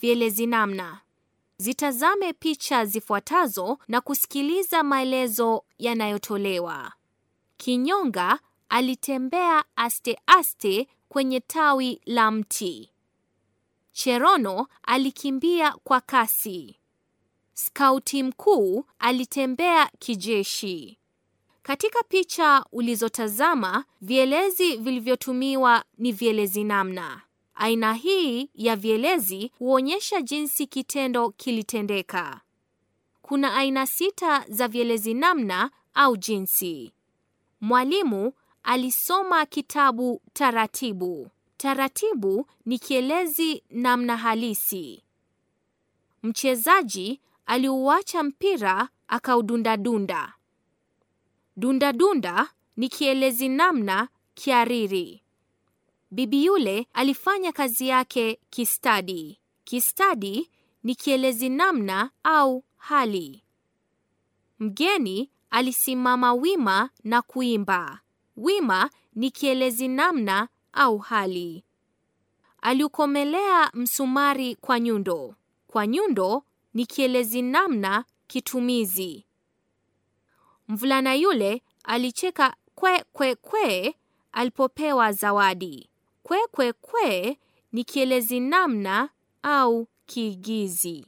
vielezi namna. Zitazame picha zifuatazo na kusikiliza maelezo yanayotolewa. Kinyonga alitembea aste aste kwenye tawi la mti. Cherono alikimbia kwa kasi. Skauti mkuu alitembea kijeshi. Katika picha ulizotazama, vielezi vilivyotumiwa ni vielezi namna. Aina hii ya vielezi huonyesha jinsi kitendo kilitendeka. Kuna aina sita za vielezi namna au jinsi. Mwalimu alisoma kitabu taratibu. Taratibu ni kielezi namna halisi. Mchezaji aliuacha mpira akaudundadunda. Dundadunda ni kielezi namna kiariri. Bibi yule alifanya kazi yake kistadi. Kistadi ni kielezi namna au hali. Mgeni alisimama wima na kuimba. Wima ni kielezi namna au hali. Aliukomelea msumari kwa nyundo. Kwa nyundo ni kielezi namna kitumizi. Mvulana yule alicheka kwe kwe kwe alipopewa zawadi. Kwe kwe kwe ni kielezi namna au kiigizi.